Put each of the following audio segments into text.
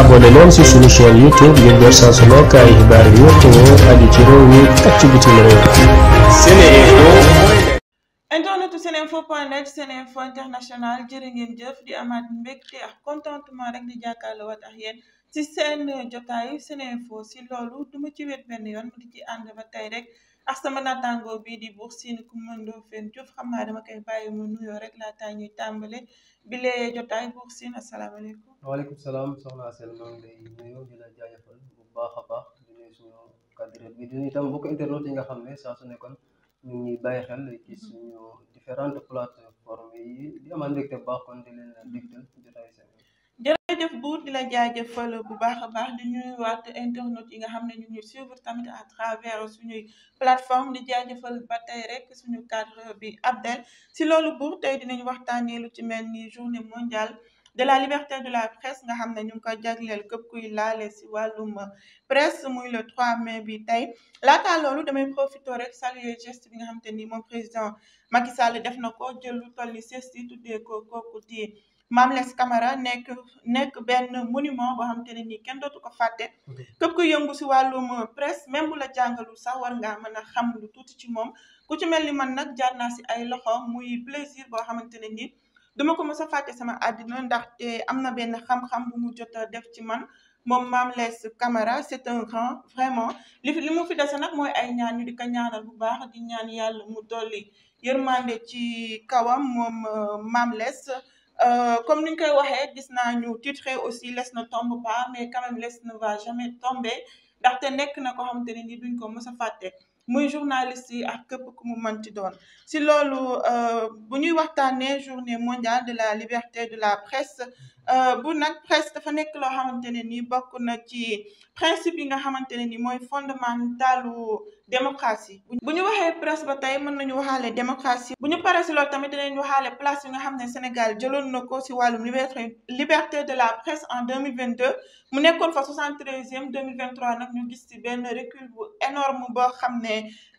abonné leen ci suñu chaîne YouTube ngir jot saa su nekk yu wér te wóor aju ci réew mi ak ci bitim réew. SeneInfo. internetu SeneInfo point net SeneInfo international jërë ngeen jëf di amaat mbégte ak contentement rek di jàkkaarloo waat ak yéen ci seen jotaayu SeneInfo si loolu du ma ci wet yoon mu di ci ànd ba tey rek. ak sama naataangoo bii di Buur Sine Coumba Ndoffène Diouf xam naa dama koy bàyyi mu nuyoo rek laataa ñuy tàmbale bi lee jotaay Buur Sine asalaamaaleykum. waaleykum salaam soxna Sel maa ngi lay nuyu di la jaajëfal bu baax a baax di nuyu suñu cadre bi di nuyu itam nga xam ne saa su nekkoon ñu ngi bàyyi xel ci suñu différentes plateformes yi di amaat mbégte baax kon di leen dégtal jotaay seen. jërëjëf buur di la jaajëfal bu baax a baax di ñuy waat internet yi nga xam ne ñu ngi suivre tamit à travers suñuy plateforme di jaajëfal ba tey rek suñu cadre bi Abdel si loolu buur tey dinañ waxtaanee lu ci mel ni journée mondiale de la liberté de la presse nga xam ne ñu ngi ko jagleel képp kuy laale si wàllum presse muy le 3 mai bi tey laataa loolu damay profité rek saluer geste bi nga xam te ni moom président Macky Sall def na ko jël lu toll ni sesti tuddee ko kooku di Mame Less Camara nekk nekk benn monument boo xamante ne nii kenn dootu ko fàtte képp ku yëngu si wàllum presse même bu la jàngalul sax war ngaa mën a xam lu tuuti ci moom ku ci mel ni man nag jaar naa si ay loxo muy plaisir boo xamante ne nii duma ko mës a fàtte sama àddina ndax am na benn xam-xam bu mu jot a def ci man moom Mame Less Camara c'est un grand vraiment li li mu fi dese nag mooy ay ñaan ñu di ko ñaanal bu baax di ñaan yàlla mu dolli yërmande ci kawam moom euh, Mame Less Euh, comme ni ñu koy waxee gis naa ñu titré aussi Less ne tomb pas mais quand même Less ne va jamais tomber ndaxte nekk na ko xamante ne ni duñ ko mës a fàtte muy journaliste yi ak képp ku mu mënti doon si loolu euh, bu ñuy waxtaanee journée mondiale de la liberté de la presse euh, bu nag presse dafa nekk loo xamante ne nii bokk na ci principe yi nga xamante ne ni mooy fondamentalu démocratie bu ñu waxee presse ba tey mën nañu waxaale démocratie bu ñu paree si loolu tamit dinañ waxaale place yi xam ne Sénégal jëloon na ko si wàllum liberté liberté de la presse en deux mille vingt deux mu nekkoon fa soixante treizième deux mille vingt trois nag ñu gis si benn recul bu énorme boo xam ne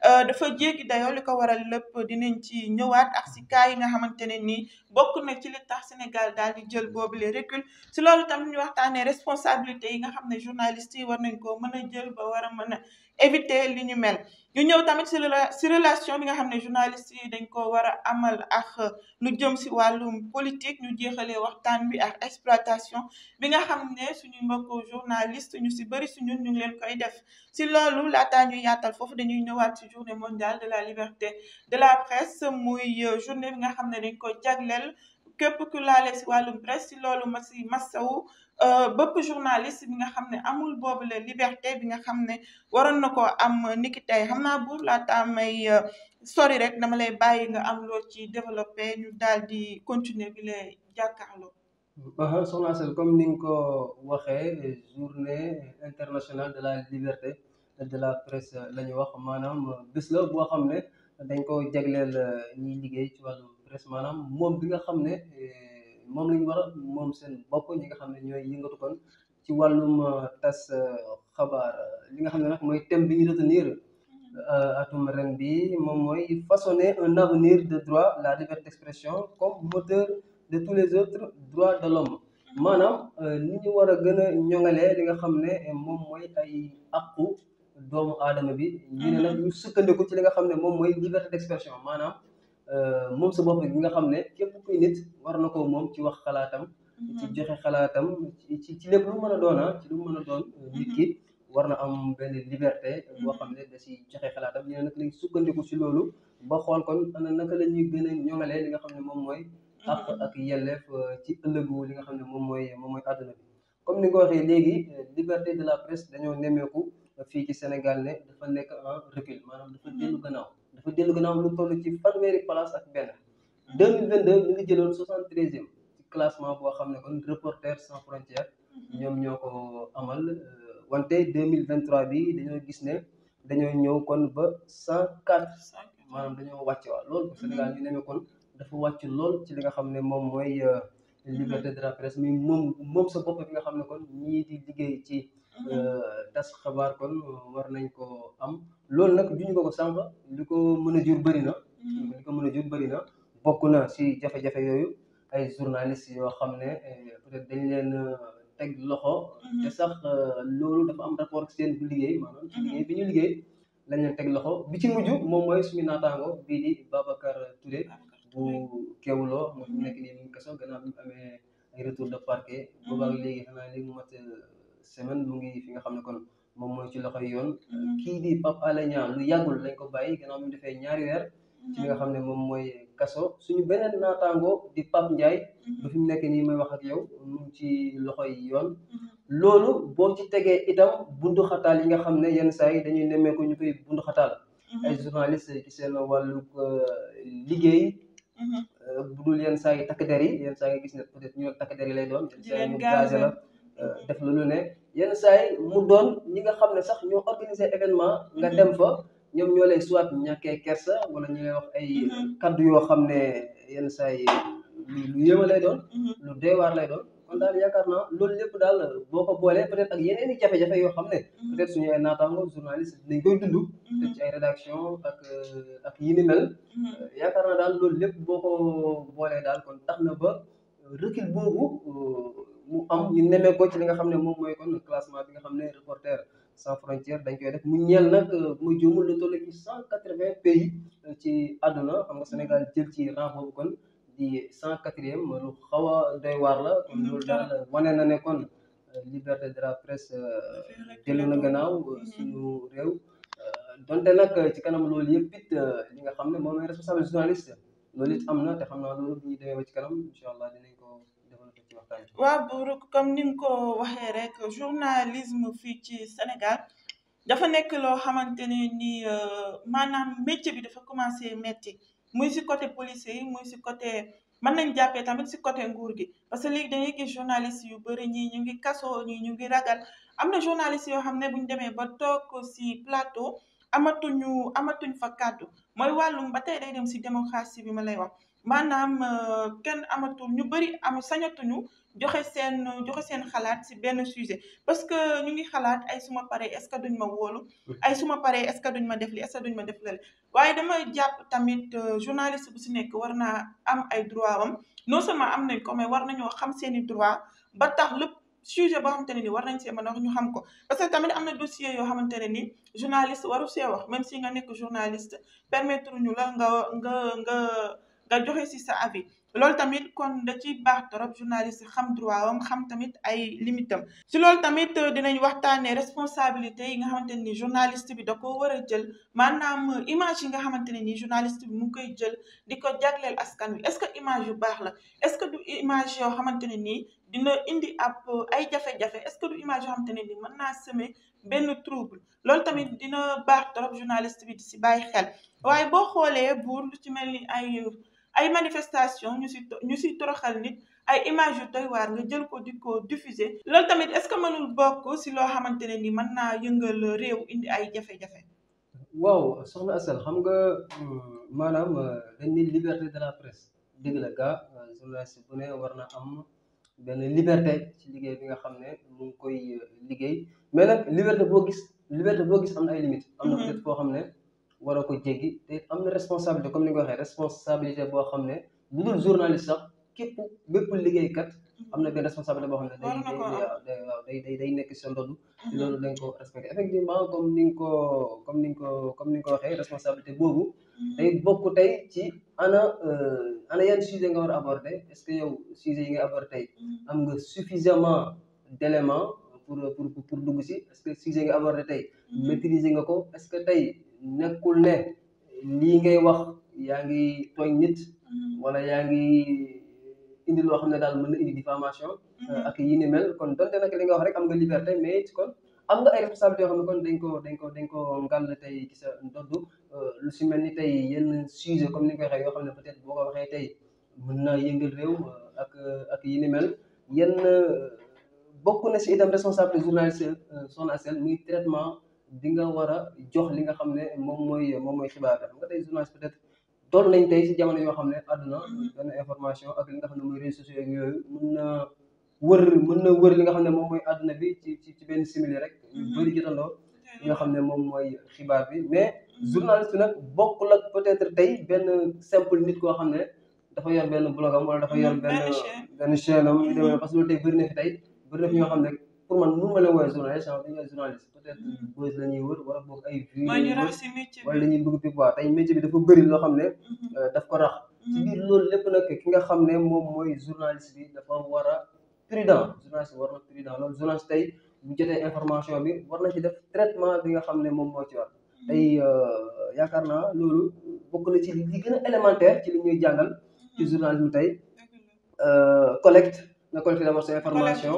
euh, dafa jéggi dayoo ko waral lépp dinañ ci ñëwaat ak si cas yi nga xamante ne nii bokk na ci li tax Sénégal daal di jël boobu les recul si loolu tamit ñu waxtaanee responsabilité yi nga xam ne journaliste yi war nañ koo mën a jël ba war a mën a éviter li ñu mel ñu ñëw tamit si si relation bi nga xam ne journaliste yi dañ ko war amal ak lu jëm si wàllum politique ñu jeexalee waxtaan bi ak exploitation bi nga xam ne suñu mbokku journaliste ñu si bëri si ñun ñu ngi leen koy def si lolu laataa ñuy yaatal foofu dañuy ñëwaat si journée mondiale de la liberté de la presse muy journée bi nga xam ne dañ ko jagleel képp ku laale si wàllum presse si loolu ma si massawu euh, bëpp journaliste bi nga xam ne amul boobu la liberté bi nga xam ne waroon na ko am niki tey xam naa buur laataa may euh, sori rek dama lay bàyyi nga am lool ci développé ñu daal di continuer bi lay jàkkaarloo. soxna comme ni ko waxee journée internationale de la liberté de la presse la ñu wax maanaam bés la boo xam ne dañ ko jagleel euh, ñiy liggéey ci wàllu. presse maanaam moom bi nga xam ne eh, moom lañ war a moom seen bopp ñi nga xam ne ñooy yëngatu kon ci wàllum eh, tas eh, xabaar li nga xam ne nag mooy thème bi ñu retenir atum ren bi moom mooy façonner un avenir de droit la liberté d'expression comme moteur de tous les autres droits de l'homme maanaam ni ñu war a gën a ñoŋalee li nga xam ne moom mooy ay àqu doomu aadama bi ñu ne ñu sukkandiku ci li nga xam ne moom mooy liberté d'expression maanaam Euh, moom sa bopp gi nga xam ne képp kuy nit war na ko moom ci wax xalaatam. Mhm. ci joxe xalaatam ci ci lépp lu mën a doon ah, ci lu mën a doon euh, nit ki war na am benn liberté boo mhm. xam ne da si joxe xalaatam ñu ne sukkandiku si loolu ba xool kon ana naka la ñuy gën a ñoŋalee li nga xam ne moom mooy mhm. àq ak yelleef euh, ci ëllëgu li nga xam ne moom mooy moom mooy àdduna bi comme ni nga waxee léegi liberté de la presse dañoo nemmeeku fii ci Sénégal ne dafa nekk en recul maanaam dafa dellu gannaaw dafa dellu gannaaw lu toll ci fanweeri place ak benn 2022 ñu ngi jëloon 73e ci classement boo xam ne kon reporter sans frontière mhm. ñoom ñoo ko euh, amal euh, wante 2023 bi dañoo gis ne dañoo ñëw kon ba 104 maanaam dañoo wàcc waa lool mhm. kon dafa wàcc lool ci li nga xam ne moom mooy euh, mhm. liberté de la presse mais moom sa bopp bi nga xam ne kon ñii di liggéey ci tas xabaar kon war nañ ko am loolu nag du ñu ko ko sànq li ko mën a jur bëri na. Mm. li ko mën a bëri na bokk na si jafe-jafe yooyu ay journaliste yoo xam ne eh, peut-être dañ leen euh, teg loxo. Mm-hmm. te euh, loolu dafa am rapport ak liggéey maanaam ci liggéey mm-hmm. bi ñu liggéey lañ bi ci mujj moom mooy suñu naataango bii di Babacar Touré. bu Kewloo moom nekk nii mu ngi kaso gannaaw amee retour de parquet. Mm-hmm. boobaag léegi xanaa léegi mu euh, semaine mu ngi fi nga xam ne kon. moom mooy ci loxoy yoon mm-hmm. kii di Pape Alé lu yàggul lañ ko bàyyi gannaaw mu ñaari weer ci nga xam ne moom mooy kaso suñu beneen naataango di Pape Ndiaye mm-hmm. ba fi mu nekk nii mooy wax ak yow mu ngi ci loxoy yoon mm-hmm. loolu boo ci tegee itam bundu yi nga xam ne yenn saa yi dañuy nemmeeku ñu koy bunduxataal xataal ay journaliste ci seen wàllu euh, liggéey euh, bu dul yenn saa yi takk der yi yenn saa yi gis ne peut-être ñu takk der yi lay doon yenn saa yi Euh, def lu lu ne yenn saa yi mu doon ñi nga xam ne sax ñoo organiser événement nga mhm. dem fa ñoom ñoo lay soit ñàkkee kersa wala ñu lay wax ay mhm. kaddu yoo xam ne yenn saa yi lu lu yéema lay doon mhm. lu deewaar lay doon kon daal yaakaar naa loolu lépp daal boo ko boolee peut être ak yeneen i jafe-jafe yoo xam ne peut être suñu ay naataango journaliste dinañ koy dund te ci ay rédaction ak euh, ak yi euh, naa daal loolu lépp boo ko boolee daal kon tax na ba recul boobu mu am ñu nemee ko ci li nga xam ne moom mooy kon classement bi nga xam ne reporter sans frontière dañ koy def mu ñeel nag euh, mu juumul lu toll ci cent quatre-vingts pays euh, ci àdduna xam nga Sénégal jël ci rang boobu kon di cent quatrième lu xaw a day waar la mm-hmm. kon loolu daal wane na ne kon euh, liberté de la presse dellu na gannaaw mm-hmm. suñu réew donte nag ci kanam loolu yëpp it nga xam ne moom mooy responsable journaliste loolu it am na te xam naa loolu bu ñu demee ba ci kanam incha allah waaw Buur comme ni ko waxee rek journalisme fii ci Sénégal dafa nekk loo xamante ne ni euh, maanaam métier bi dafa commencé métti muy si côté policier yi muy si côté mën nañ jàppee tamit si côté nguur gi parce que léegi dañuy gis journaliste yu bëri ñii ñu ngi kasoo ñii ñu ngi ragal am na journaliste yoo xam ne bu ñu demee ba toog si plateau amatuñu amatuñ fa kàddu mooy wàllum ba tey day dem si démocratie bi ma lay wax maanaam euh, kenn amatul ñu bëri am sañatuñu joxe seen joxe seen xalaat si benn sujet parce que ñu ngi xalaat ay suma pare est duñ ma wóolu ay suma pare est ce que duñ ma def li est ce que duñ ma def lale waaye dama jàpp tamit euh, journaliste bu si nekk war naa am ay droit am non seulement am nañ ko mais war nañoo xam seeni droit ba tax lépp sujet bo xamante ne ni war nañ see mën a ñu xam ko parce que tamit am na dossier yo xamante ne ni journaliste waru see wax même si nga nekk journaliste permettre ñu la nga nga nga nga joxe si sa avis loolu tamit kon da ciy baax torop journaliste xam droit am xam tamit ay limitam si loolu tamit euh, dinañ waxtaanee responsabilité yi nga xamante ne ni journaliste bi da ko war a jël maanaam euh, image yi nga xamante ne ni journaliste bi mu koy jël di ko jagleel askan wi est-ce que image yu baax la est-ce que du image yoo xamante ne nii dina indi ab euh, ay jafe-jafe est-ce que du image yoo xamante ni man naa semer benn trouble loolu tamit dina baax torop journaliste bi di si bàyyi xel waaye boo xoolee buur lu ci mel ni ay ay manifestation ñu si ñu si toroxal nit ay image yu doy waar nga jël ko di ko diffuser loolu tamit est-ce que mënul bokk si loo xamante ni mën naa yëngal réew indi ay jafe waw waaw soxna Asel xam nga hmm, maanaam euh, dañ ni liberté de la presse dëgg la gaa euh, journaliste bu ne war na am benn liberté ci liggéey bi nga xam ne mu koy euh, liggéey mais nag liberté boo gis liberté boo gis am na ay limites am na mm-hmm. peut-être foo xam ne war ko jéggi te am na responsabilité comme ni nga ko waxee responsabilité boo xam ne bu dul journaliste sax képp bépp kat am na benn responsabilité boo xam ne day day day day nekk sa ndodd te loolu dañ ko effectivement comme ni nga ko comme ni nga ko comme ni nga ko waxee responsabilité boobu mm-hmm. day bokk tey ci ana euh, ana yan sujet nga war a abordé est-ce que yow sujet yi nga abordé tey mm-hmm. am nga suffisamment d'éléments pour pour pour dugg si est-ce que sujet yi nga abordé tey mm-hmm. maîtriser nga ko est-ce que tey nekkul ne lii ngay wax yaa ngi tooñ nit mm-hmm. wala yaa ngi indi loo xam ne daal mën na indi diffamation mm-hmm. ak yi ni kon donte nag li nga rek am nga liberté mais it kon am nga ay responsabilité yoo ne kon dañ ko dañ ko dañ ko ngàll tey ci sa ndodd euh, lu si mel ni tey yenn sujet comme ni nga ko ne peut-être boo ko waxee tey mën na yëngal réew euh, ak euh, ak yi ni mel yenn bokk na si itam responsable journaliste Soxna Asel muy traitement di nga war a jox li nga xam ne moom mooy moom mooy xibaar bi xam nga nañ tey si jamono yoo xam ne àdduna mhm. benn information ak nga xam ne mooy réseaux sociaux yooyu mën na wër mën na wër li nga xam ne moom mooy àdduna bi ci ci ci benn simili rek mhm. bëri jotandoo li nga xam ne moom mooy xibaar bi mais mhm. journaliste nag bokkul ak peut-être tey benn simple nit koo xam ne dafa yor benn blogam wala dafa yor benn benn chaîne am parce que loolu tey bëri na tey bëri ñoo xam ne pour man mënu ma leen journaliste peut-être buzz la ñuy wër wala boog ay vues wala la ñuy bëgg di voir tey métier bi dafa bëri loo xam ne mhm. euh, daf ko rax mhm. ci biir loolu lépp nag ki nga xam ne moom mooy journaliste bi dafa war a prudent journaliste bi war na loolu journaliste tey bu jotee information bi war na ci def traitement bi nga xam ne moom moo ci war mhm. tey euh, yaakaar naa loolu bokk na ci li gën élémentaire ci li ñuy jàngal ci journalisme tey euh, collecte nga collecté d'abord sa information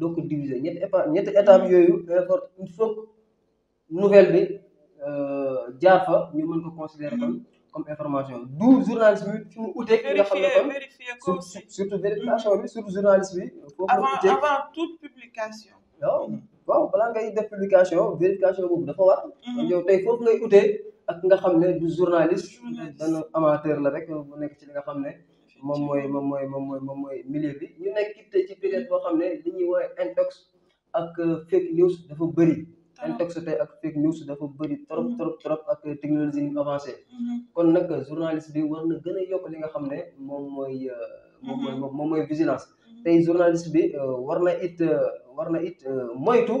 doo ko diviser ñetti épa ñetti mm. yooyu effort il faut nouvelle bi euh, jaar fa ñu mm. comme information du journaliste bi fi mu uteeg nga xam surtout mm. vérification bi surtout journaliste bi foofu ngay def publication boobu dafa war mm-hmm. kon yow tey foofu ngay utee ak nga xam ne du journaliste dana amateur la rek bu nekk ci li nga xam ne moom mooy moom mooy moom mooy moom mooy milieu bi ñu nekk it ci période boo xam ne li ñuy woowee intox ak euh, fake news dafa bëri ah. intox tey ak fake news dafa bëri trop mm-hmm. trop trop ak technologie yi avancé mm-hmm. kon nag journaliste bi war na gën a yokk li nga xam ne moom mooy euh, moom mooy mm-hmm. moom mooy vigilance tey journaliste bi euh, war na it war na it moytu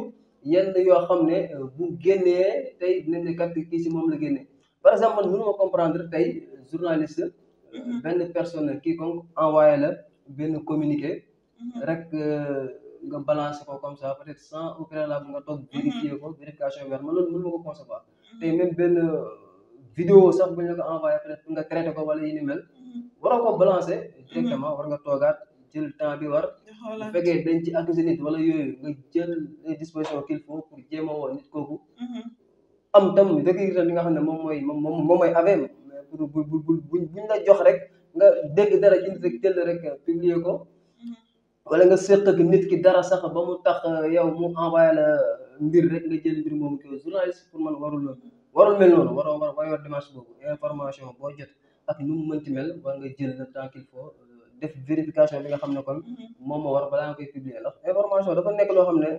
yenn yoo xam ne bu génnee tey dinañ ne kat kii si moom la génnee par exemple man mënu comprendre tey journaliste Mm-hmm. benn personne quiconque envoyé la benn communiqué mm-hmm. rek euh, nga balancer ko comme ça peut-être sans au préalable nga toog mm-hmm. vérifier ko vérification bi a loolu mënu ma ko concevoir tey même benn euh, vidéo sax bu ñu nga traité ko wala yi ni mel waroo ko balancer directement war nga toogaat jël temps bi war bu fekkee dañ ci accusé nit wala yooyu nga jël les dispositions faut pour jéem a woo nit kooku am tam dëkk yi tam nga xam ne moom mooy moom moom mooy avem pour bu bu buñ la jox rek nga dégg dara indi rek tëll rek publier ko mhm. wala nga séq nit ki dara sax ba mu tax euh, yow mu envoyé la mbir rek nga jël mbir moomu kii journaliste warul warul mel noonu waroo war war yor démarche boobu information boo jot ak nu mu mënti mel war nga jël le temps qu'il faut euh, def vérification bi nga xam ne kon mhm. moom moo war balaa nga koy publier information dafa nekk loo xam ne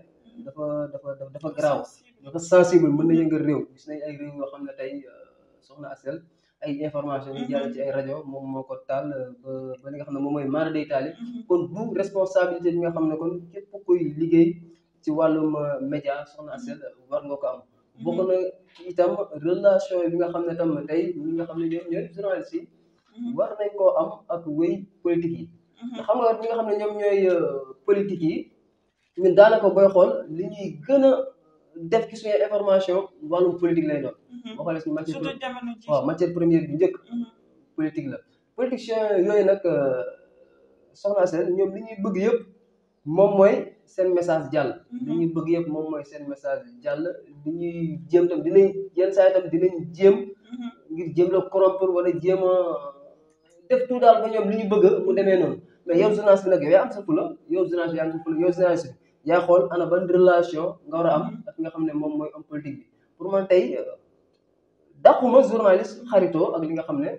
dafa dafa dafa garaaw dafa sensible mën na yëngal réew gis nañ ay réew yoo xam ne tey euh, soxna Asel ay information yu jàll mhm. rajo moom moo ko taal euh, ba ba li xam ne moom mooy maara day taali mhm. kon bu responsabilité bi nga xam ne kon képp koy liggéey ci wàllum euh, média soxna mhm. Asel euh, war nga ko am bokk na itam relation bi nga xam ne tam tey ñi nga xam ne ñoom ñooy journaliste yi war nañ am ak wéy politique yi xam nga ñi nga xam ne ñooy politique yi ñun daanaka booy xool li ñuy gën a def ci suñu information wàllum politique lay doon. Mhm. boo xoolee suñu matière surtout première bi njëkk. Mhm. politique la politicien yooyu nag euh, soxna seen ñoom li ñuy bëgg yëpp moom mooy seen message jàll. Mhm. li ñuy bëgg yëpp moom mooy seen message jàll li ñuy jéem tam dinañ yenn saa yi tam dinañ jéem. ngir jéem la corrompre wala jéem a def tout daal ba ñoom li ñu bëgg mu demee noonu mais yow journaliste bi nag yow yaa am sa fula yow journaliste bi yaa am sa fula yow journaliste bi. yaa xool ana ban relation nga war am ak nga xam ne moom mooy homme politique bi pour man tey dàquma journaliste xaritoo ak li nga xam ne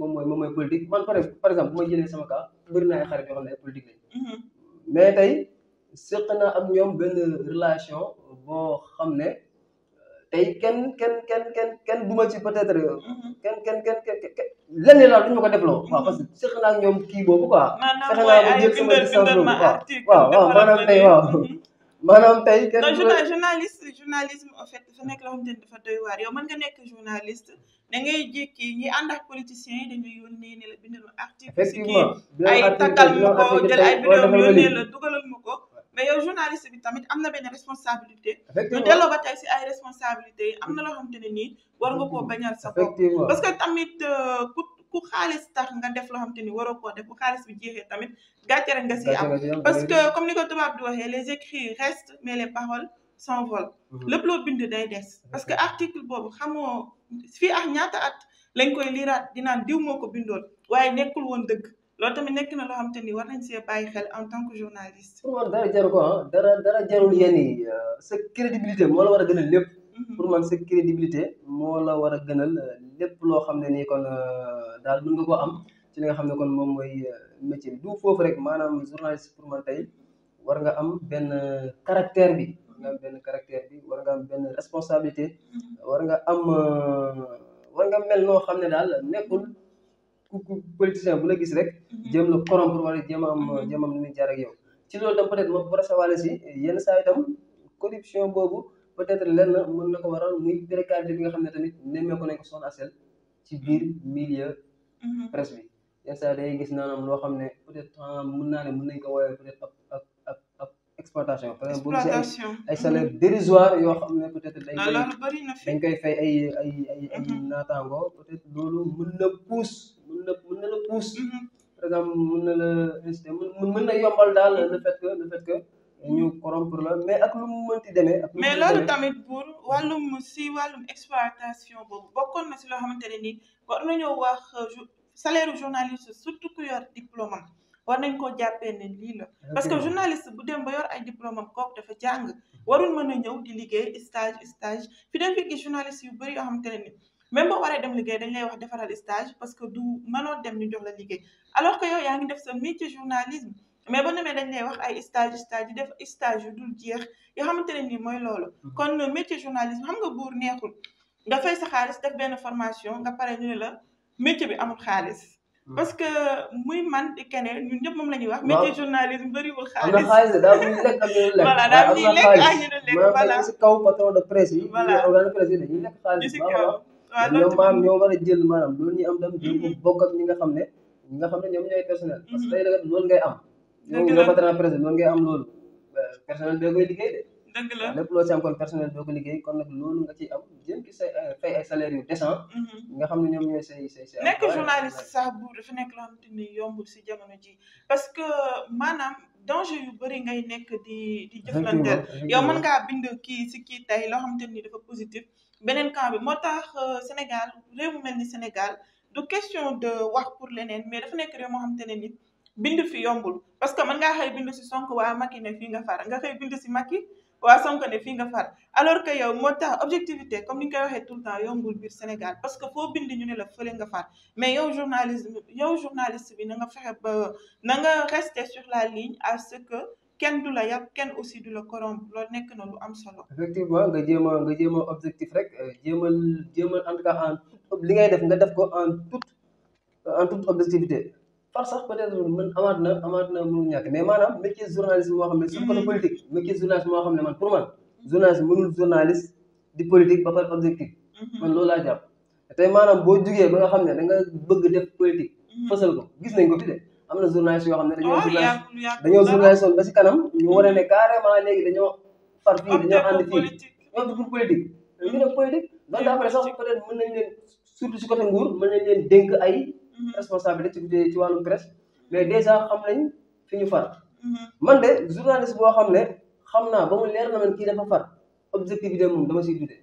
moom mooy moom mooy politique man par exemple bu ma jëlee sama cas bëri naa ay xarit yoo xam ne ay politique lañ mm-hmm. mais tey séq na ak ñoom benn relation boo xam ne tey kenn kenn kenn kenn kenn duma ci peut-être mhm. kenn kenn kenn kenn lenn daal duñu ko defloo mhm. waaw parce que seq naa ak nekk journaliste da ngay jékki ñi ànd ak politiciens yi dañuy yónnee ne la bindal ma article effectivement ay takkal ay vidéo yónnee mais yow journaliste bi tamit am na benn responsabilité ñu delloo ba tey si ay responsabilité yi am na loo xamante ne nii war nga koo bañal sa bopp parce que tamit euh, ku xaalis tax nga def loo xamante ni waroo koo def bu xaalis bi jeexee tamit gàcce rek nga si am parce que comme ni ko tubaab di waxee les écrits restent mais les paroles s'envolent lépp mhm. loo bind day des parce que article boobu xamoo fii ak ñaata at lañ koy liiraat dinaan diw moo ko bindoon waaye nekkul woon dëkk loolu tamit nekk na loo xam te ni war nañ see bàyyi xel en tant que journaliste. pour man dara jaru ko ah dara dara jarul yenn yi euh, sa crédibilité moo la war a gënal lépp. Mhm. pour man sa crédibilité moo la war a gënal euh, lépp loo xam ne nii kon euh, daal mën ko am ci li nga xam ne kon moom mooy métier du foofu rek maanaam journaliste pour man tey war nga am benn caractère bi war nga benn caractère bi war nga benn responsabilité mhm. war nga am war nga mel noo xam ne daal nekkul. ku politicien bu la gis rek mhm. jéem la mhm. ci loolu tam peut être moom brosé wàll si yenn saa itam corruption boobu peut être lenn mën na ko waral muy précarité bi nga xam ne tamit nemmee ko nañ ko soxna Asel ci biir milieu mhm. presse bi yenn saa day gis naanam loo xam ne peut être mën naa ne mën nañ ko woowee peut être ab ab ab ab exploitation par exemple bu gisee ay salaire dérisoire yoo xam ne peut être da koy dañ koy fay ay ay ay ay naataango peut être loolu mën na pousse mën na mën na la pousse. par exemple mën na la daal le fait que le fait que ñu corrompre la mais a lu mu mënti demee. mais loolu tamit pour wàllum si wàllum exploitation boobu bokkoon na si loo xamante ne nii war nañoo wax salaire journaliste surtout ku yor diplôme war nañ koo jàppee ne lii la parce que journaliste bu dem ba yor ay diplôme am kooku dafa jàng warul mën a ñëw di liggéey stage stage fi dem fi gis journaliste yu bëri yoo xamante ne même boo waree dem liggéey dañ lay wax defaral stage parce que du mënoo dem ñu jox la liggéey alors que yow yaa ngi def sa métier journalisme mais ba demee wax ay stage stage def stage yu jeex yoo xamante ne nii mooy loolu. Mm-hmm. kon métier journalisme xam nga buur neexul nga fay sax xaalis def benn formation nga pare ñu la métier bi amul xaalis. Mm-hmm. parce que muy man di keneen ñun ñëpp moom la ñuy wax. waaw métier journalisme bëriwul xaalis. na xaalis daal bu ñu lekk ak ñu lekk. voilà daal si kaw patron de presse yi. voilà Ah, ñoom maanaam ñoo war a jël maanaam loolu ñu am dem jël ko bokk ak nga xam ne ñi nga xam ne ñoom ñooy personnel parce que mm-hmm. tey loolu ngay am yow nga patron président loolu ngay am loolu personnel bee koy liggéey de dëgg la lépp loo ci am kon personnel boo ko liggéey kon nag nga ciy am jëm ci say mm-hmm. nga xam ne ñoom ñooy say say say nekk journaliste sax bu dafa nekk loo xamante ni yombul si jamono ji parce que maanaam danger yu bëri ngay nekk di di jëflanteel yow mën a bind kii si kii tey loo xamante ni dafa positif beneen camp bi moo tax euh, Sénégal réew mu mel ni Sénégal du question de wax pour leneen mais dafa nekk réew moo xam te ne bind fi yombul parce que mën ngaa xëy bind si Sonko waa Macky ne fii nga far nga xëy bind si Macky waa Sonko ne fii nga far alors que yow moo tax objectivité comme ni ñu koy waxee tout le temps yombul biir Sénégal parce que foo bind ñu ne la fële nga far mais yow journalisme yow journaliste bi na nga fexe ba na nga rester sur la ligne à ce que kenn du la yàpp kenn aussi du la corrompre loolu nekk na lu am solo. effectivement nga jéem nga jéem a objectif rek jéem euh, a jéem a en tout cas li ngay def nga def ko en toute en toute objectivité far sax peut être man amaat na amaat na mënul ñàkk mais maanaam métier journaliste moo xam ne. sur côté mm-hmm. politique métier journaliste moo xam ne man pour man journaliste mënul journaliste di politique ba pare objectif. Mm-hmm. man loolu laa jàpp tey maanaam boo jugee ba nga xam ne da nga bëgg def politique. Mm-hmm. fësal ko gis nañ ko am na journaliste yoo xam ne dañoo oh, journaliste dañoo journaliste woon ba si kanam ñu war a ne carrément léegi dañoo far fii dañoo ànd fii ñoom du pour politique ñu ne politique donc après sax peut leen surtout si nguur mën nañ leen dénk ay mhm. responsabilité ci ci wàllum presse mais dèjà xam nañ fi ñu far mhm. man de journaliste boo xam ne xam na ba mu leer na man kii dafa far objectif bi de moom dama siy dudee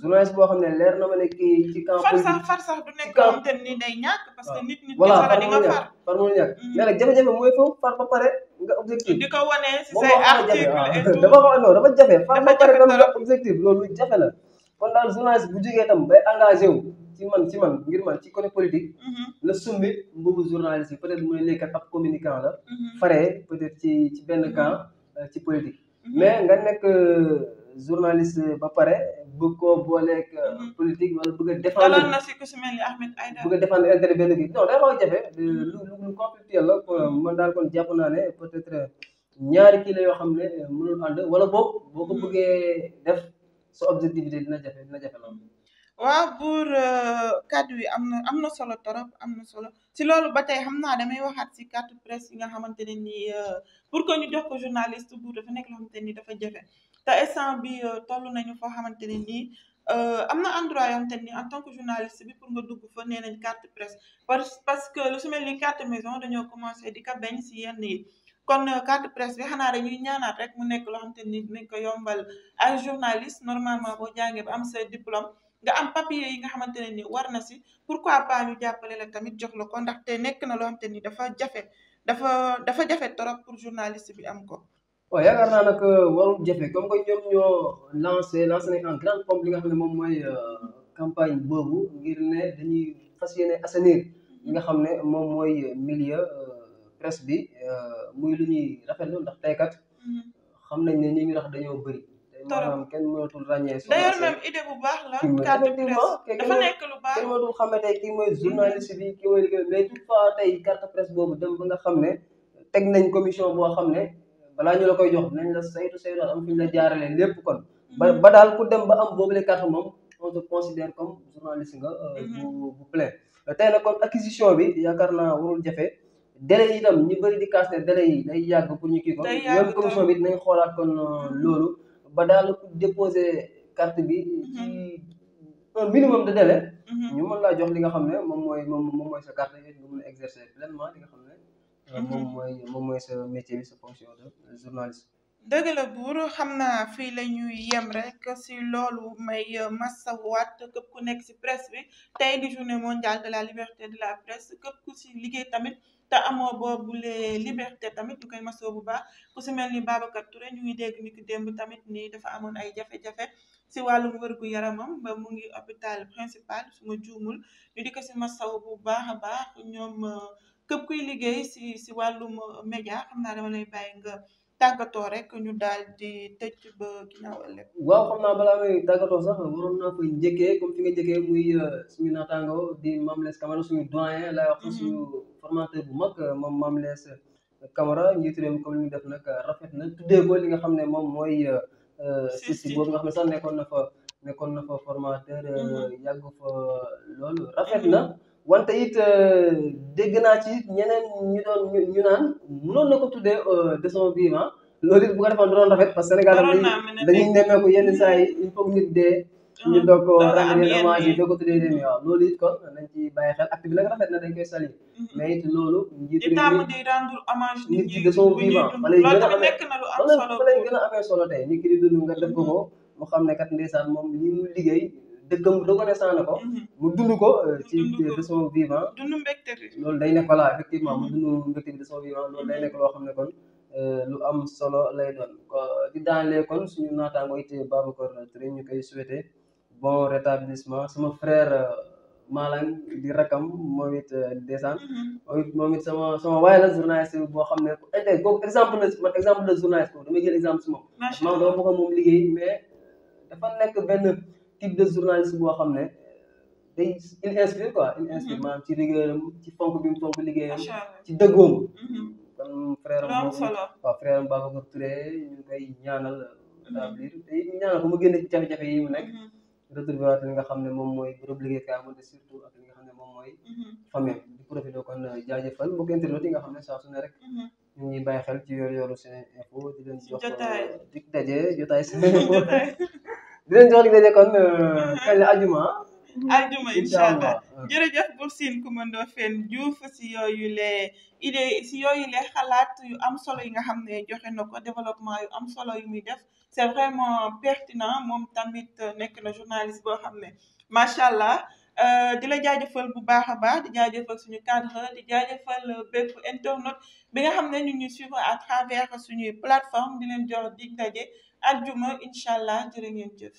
journaliste boo xam ne leer na ma ne kii ci camp. far sax far du nekk loo xamante ni day ñàkk. parce que nit nit voilà far nga far far moo ñàkk. mais mm-hmm. nag jafe-jafe mooy foofu far ba pare nga objectif. di ko wane si say article ah. et dafa ko non dafa jafe far ba pare nga objectif loolu jafe la. kon daal journaliste bu jógee tam bay engagé wu ci man ci man ngir man ci côté politique. la mm-hmm. summi mbubu journaliste yi peut être mu ne nekk ab mm-hmm. être ci ci benn camp euh, ci politique. mais nga nekk. Euh, journaliste ba pare bëgg koo booleeg euh, mhm. politique wala bëgg a défendre daloon na si ku si mel ni Ahmed a défendre intérêt benn gi non day xaw a jafe euh, mhm. man daal kon jàpp naa ne peut-être euh, ñaari kii la yoo xam ne mënul ànd wala boog boo ko mhm. bëggee def sa objectivité dina jafe dina jafe lool waaw buur kàddu yi am na am na solo torop am na solo si loolu ba tey xam naa damay waxaat si carte presse yi nga xamante ne nii pour que ñu jox ko journaliste buur dafa nekk loo xamante ni dafa jafe te instant bi euh, toll nañu foo xamante ne nii euh, am na endroit yoo xamante ni en tant que journaliste bi pour nga dugg fa nee nañ carte presse parce parce que lu su mel ni carte maison dañoo commencé di ka bañ si yenn yi kon euh, carte presse bi xanaa dañuy ñaanaat rek mu nekk loo ni dinañ ko yombal ay journaliste normalement boo jàngee ba am sa diplôme nga am papier yi nga xamante ne ni war na si pourquoi pas ñu jàppale la tamit jox la ko ndaxte nekk na loo xamante ni dafa jafe dafa dafa jafe trop pour journaliste bi am ko. waaw oh, yaakaar naa nag euh, warul jafe comme que ñoom ñoo lancé lancé nañ en grande nga xam ne moom mooy euh, campagne boobu ngir ne dañuy fas nga xam ne moom mooy euh, milieu presse bi muy lu ñuy lu ndax tey mm-hmm. xam nañ ne ñi ñu wax dañoo bëri. maanaam kenn mënatul ràññee. soo bu baax la. xam ne tey kii mooy mm-hmm. journaliste bi kii boobu dem ba nga xam ne teg nañ commission boo xam ne. balaa ñu la koy jox nañ la saytu saytu am fi ñu la jaarale lépp kon mm-hmm. ba ba daal ku dem ba am boobule carte moom on te considère comme journaliste nga euh, mm-hmm. bu bu bi yaakaar naa warul jafe délai yi itam ñu bëri di kaas ne yi day yàgg pour ñu kii ko même commission bi dinañ xoolaat kon euh, mm-hmm. loolu ba daal ku déposé carte bi ci un minimum de délai laa jox li nga xam ne moom mooy moom mooy sa carte nga mën a exercer pleinement li nga xam ne moom mm-hmm. mooy moom mooy sa métier bi sa fonction de journaliste. dëgg la buur xam naa fii la ñuy yem rek si loolu may euh, masawaat képp ku nekk si presse bi tey di journée mondiale de la liberté de la presse képp ku si liggéey tamit te amoo boobu liberté tamit ñu koy masoo bu baax ku si mel ni Babacar Touré ñu ngi dégg ni ki tamit ni dafa amoon ay jafe-jafe si wàllum wërgu yaramam ba mu ngi hôpital principal su ma juumul ñu di ko si bu baax a baax euh, képp kuy liggéey mm. si si wàllum uh, média xam naa dama lay nga tàggatoo rek ñu daal di tëj ba ginnaaw ëllëg waaw xam naa balaa may tàggatoo sax waroon naa koy njëkkee comme fi nga njëkkee muy uh, suñu naataango di Mame Less Camara suñu doyen laay wax suñu mm-hmm. bu mag uh, moom Mame Less Camara njiitu réew mi comme li ñu def nag rafet na tuddee ko li nga xam ne moom mooy si si boobu nga xam sax nekkoon na fa nekkoon na fa formateur mm-hmm. yàgg fa loolu mm-hmm. rafet na wante it euh, dégg naa ci ñeneen ñu doon ñu naan mënoon na ko tuddee de son vivant loolu it bu ko defoon da doon que Sénégal dañuy nemmeeku yenn saa yi il faut nit dee. Ah, ñu doog ko rendre yenn hommage yi doog ko tuddee réew mi waaw loolu it kon nañ ci bàyyi xel acte bi nag rafet na dañ sali mm-hmm. mais it loolu njiit réew mi di rendre hommage nit ki de son vivant fa solo tey nit ki ko mm-hmm. ko mu xam ne kat ndeysaan moom li liggéey te gëm reconnaissant na ko. Mhm. mu dund ko euh, ci de son vivant. dund mbégte loolu day nekk voilà effectivement mu mhm. dund mbégte bi de son vivant loolu day mhm. nekk loo xam ne kon euh, lu am solo lay doon di daanlee kon suñu naataango it Babacar Touré ñu koy souhaité bon rétablissement sama frère. Euh, Malang di rakam moom it desaan moom it moom it sama waaye la journaliste boo xam ne inte eh, boobu eh, exemple la man exemple damay jël exemple si moom. dama bëgg moom liggéey mais dafa nekk benn. type de journaliste boo xam ne day il inspire quoi mhm. ci liggéeyam ci fonk bi mu fonk liggéeyam ci dëggoom mhm. kon frère am waaw frère am Babacar Touré ñu ngi koy ñaanal établir mhm. te ñaanal ko mu jafe-jafe yi nekk retrouvé waat nga xam ne moom mooy bërëb liggéeykaay moom te surtout ak nga xam ne moom mooy famille di profité kon euh, jaajëfal mbokk internautes yi nga xam ne saa su ne rek ñu ngi bàyyi xel ci yor yoru Sene Info di leen jox euh, dig daje jotaay Sene Info di leen jox li daje kon kañ euh, la ajuma ajuma incha allah jërëjëf Bour Sine Coumba Ndoffène Diouf si yooyu lee idée si yoyu lee xalaat yu am solo yi nga xam ne joxe na ko développement yu am solo yu muy def c'est vraiment pertinent moom tamit euh, nekk na journaliste boo xam ne macha allah euh, di la jaajëfal bu baax a baax di jaajëfal suñu cadre di jaajëfal bépp internaute bi nga xam ne ñu ngi suivre à travers suñuy plateforme di leen jox dig daje. ajjuma incha allah jërë ngeen jëf.